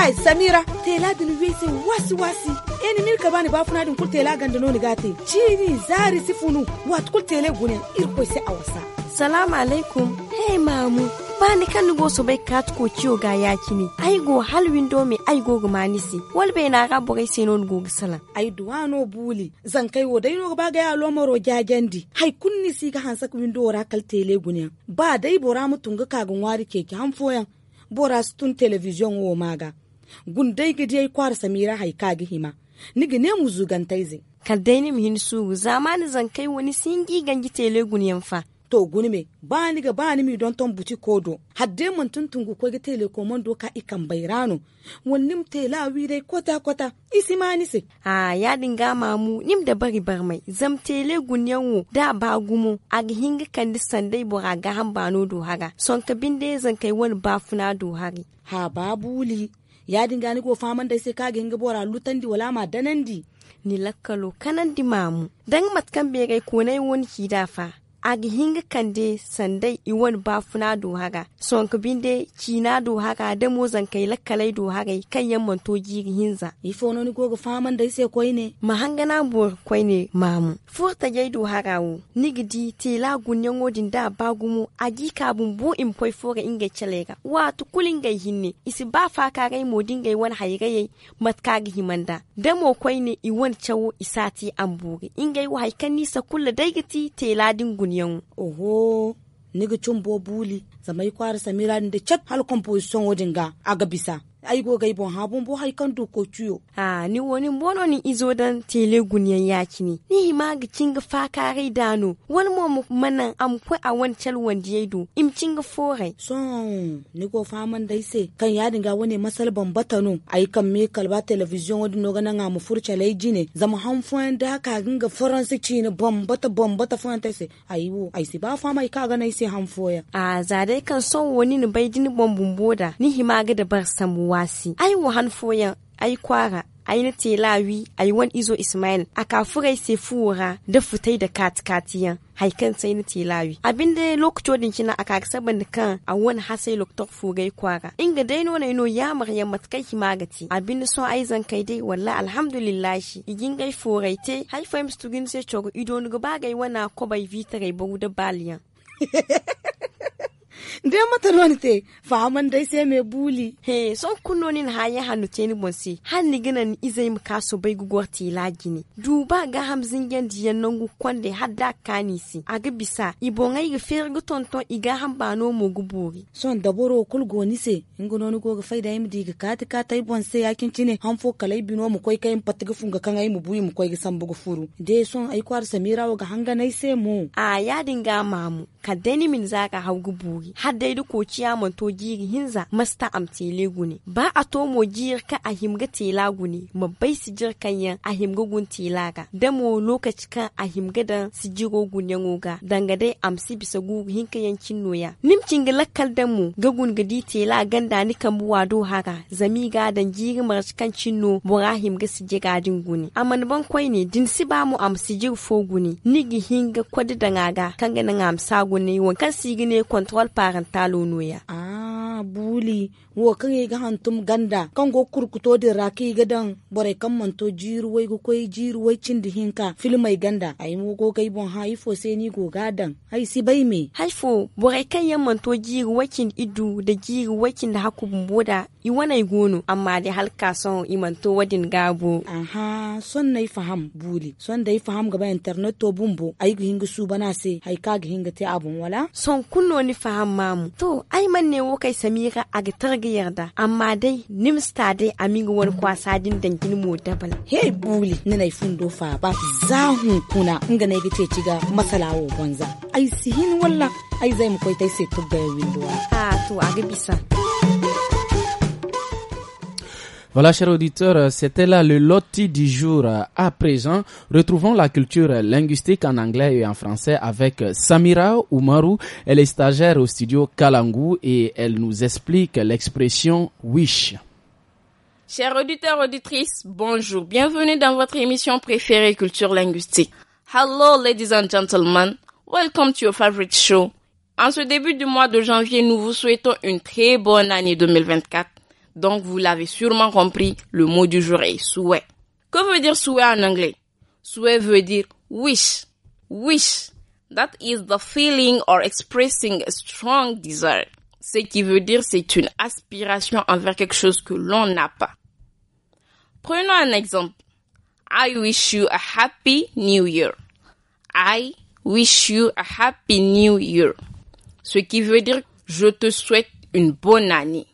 kai samira tela din wese wasi wasi eni eh, mil ka bani bafuna din kul tela ganda noni gate chiri zari sifunu wat kul tele gunen ir ko awasa salamu alaikum hey mamu bani kan go so bai kat ko ciyo ga yakini ai go hal window me ai go ga manisi wal bai na ga bugai sai non go sala ai duwano buli zan kai wo dai no ba ga ya lo maro jagendi. hai kunni si ga hansa window ra kal tele gunen ba dai bora mutunga gun wari keke han foyan bora stun television wo maga gundai yi kwara samira haika gihima nigi ne mu zugantaize kaldaini mi hin sugu zamani zan kai wani singi gangi tele guniyan fa to guni me ba ni ga ba ni mi don ton buti kodo hadde mun tun ko ga tele ko mon doka ikan bairano wannim tela wi dai kota kota isi ma ni se ha ya dinga mamu nim da bari bar mai zam tele gunyan wo da ba gumo a ga hinga kan sandai bora ga han bano do haga son ka binde zan kai wani bafuna do hari ha babuli ya dinga ni go faman da sai ka ga hinga bora lutan di wala ma danandi ni lakkalo kanandi mamu dan matkan be gai ko nai won ki dafa. ag hinga kande sandai iwan bafuna do haga sonka binde china do haga da mozan kai lakalai do haga kan yamman to giri hinza ifo no ni gogo faman da sai koi ne mahangana bo koi ne mamu furta jai do haga wo nigidi tela gunyan wodin da bagumu agi kabun bu in poi foga inga chalega wa kulin gai hinne isi ba fa ka gai modin gai wan haigaye matka gi himanda da mo koi ne iwan chawo isati ambuge ingai wa haikan nisa kulla daigati tela din nyen oho niga chumbo buli zamai kwara samira nda chat hal composition wodin ga aga bisa ai go gai bon habon bo hai kan ko ciyo ha ni woni bono ni izo dan tele guniyan yaki ni ni ma ga cinga fa kare dano wal mo mana am ko a wan chal wan do im cinga fore son ni go man dai se kan ya dinga wani masal bambata no ai kan me kalba television wadi no ganan am furcha lai jine zama han fuan da ka ginga faransi ci bata bambata bambata fuan tai se ai wo ai se ba mai ka ga nai se han foya a za dai kan son wani ni bai jini bombun ni hima ga da bar samu wasi ai wo han foyan ai kwara ai na telawi ai wan izo ismail a kafurai se fura da futai da katikatiyan haikan sai na telawi lawi abin da lokacin din kina aka saban da kan a wani hasai lokacin fugai kwara inga dai nuna ino ya marya matkai himagati abin da son ai zan kai dai walla alhamdulillah igin gai furai te haifai mistugin se chogo ido nuga bagai wana kobai vita bagu da baliyan de mata non faman dai sai mai buli he son kunno nin hanye hanu te ni bonse hanni gina ni izai maka so bai gugor te lagini duba ga hamzin yan diyan nan gu hadda kanisi aga bisa ibongai ga fergu tonton iga bano mo gubori son daboro kul goni se ngono ni ga faida yim diga kata kata ibon se yakin cine hanfo kalai bino mu koi kayin patiga funga kan ai mu buyi mu koi ga furu de son ai samira ga hanga nai se mu a ya dinga mamu ka deni min haugu buri giri har dai da ko ciyaman giri hinza masta amte tele gune ba a to mo jir ka a himga tela guni. ma bai si jir kan yan a himga gun tela ga da mo lokaci kan a himga da si jiro gun yan oga danga dai bisa gu hinka yan cinno ya nim lakkal da mu ga gun ga di tela ganda ni kan buwa do haka zami ga dan jirgi mar kan no bura himga si jiga din amma ban kwai ne din si ba mu amsi jir fo ni gi hinga kwadi da ngaga kan ga na ngam sa gune wankan si control parental no ya ah buli wo kan ga hantum ganda kan go kurkuto da raki ga dan bore kan manto jiru wai go koi jiru wai cin da hinka filmai ganda ai mu go gai bon ha ifo sai ni go gadan ai si bai me haifo bore kan yan manto jiru wakin idu da jiru wakin da hakubun boda i wanai gono amma da halka son i manto wadin gabo aha son yi faham buli son yi faham gaba internet to bumbo ai go hinga su bana sai k'a ga hinga te abun wala son kunno ni faham kan mamu to ai man ne wo kai samira a ga targa yarda amma dai nimsta dai a min wani kwasa din dangin mu dabal hey buli na nai dofa ba zahun kuna inga na gice ciga masalawo banza ai sihin walla ai zai mu kai tai sai tubba windowa a to a ga bisa Voilà, chers auditeurs, c'était là le loti du jour. À présent, retrouvons la culture linguistique en anglais et en français avec Samira Oumarou. Elle est stagiaire au studio Kalangu et elle nous explique l'expression wish. Chers auditeurs, auditrices, bonjour. Bienvenue dans votre émission préférée culture linguistique. Hello, ladies and gentlemen. Welcome to your favorite show. En ce début du mois de janvier, nous vous souhaitons une très bonne année 2024 donc vous l'avez sûrement compris, le mot du jour est souhait. Que veut dire souhait en anglais Souhait veut dire wish. Wish. That is the feeling or expressing a strong desire. Ce qui veut dire c'est une aspiration envers quelque chose que l'on n'a pas. Prenons un exemple. I wish you a happy new year. I wish you a happy new year. Ce qui veut dire je te souhaite une bonne année.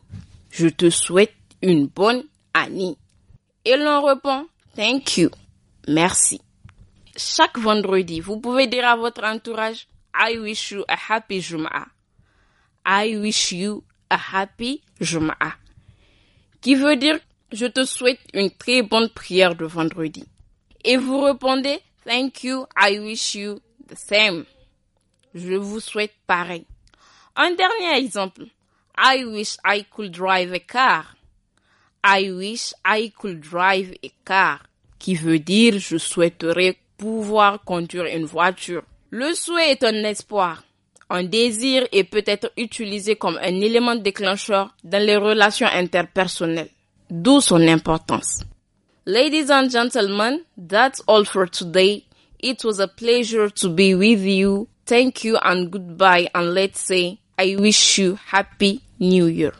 Je te souhaite une bonne année. Et l'on répond Thank you. Merci. Chaque vendredi, vous pouvez dire à votre entourage I wish you a happy Jum'a. I wish you a happy Jum'a. Qui veut dire je te souhaite une très bonne prière de vendredi. Et vous répondez Thank you, I wish you the same. Je vous souhaite pareil. Un dernier exemple. I wish I could drive a car. I wish I could drive a car. Qui veut dire je souhaiterais pouvoir conduire une voiture. Le souhait est un espoir. Un désir et peut être utilisé comme un élément déclencheur dans les relations interpersonnelles. D'où son importance. Ladies and gentlemen, that's all for today. It was a pleasure to be with you. Thank you and goodbye and let's say I wish you happy New York.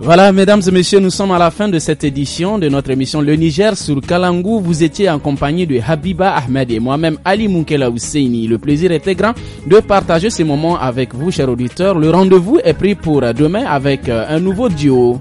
Voilà, mesdames et messieurs, nous sommes à la fin de cette édition de notre émission Le Niger sur Kalangu. Vous étiez en compagnie de Habiba Ahmed et moi-même Ali Munkela Husseini. Le plaisir était grand de partager ces moments avec vous, chers auditeurs. Le rendez-vous est pris pour demain avec euh, un nouveau duo.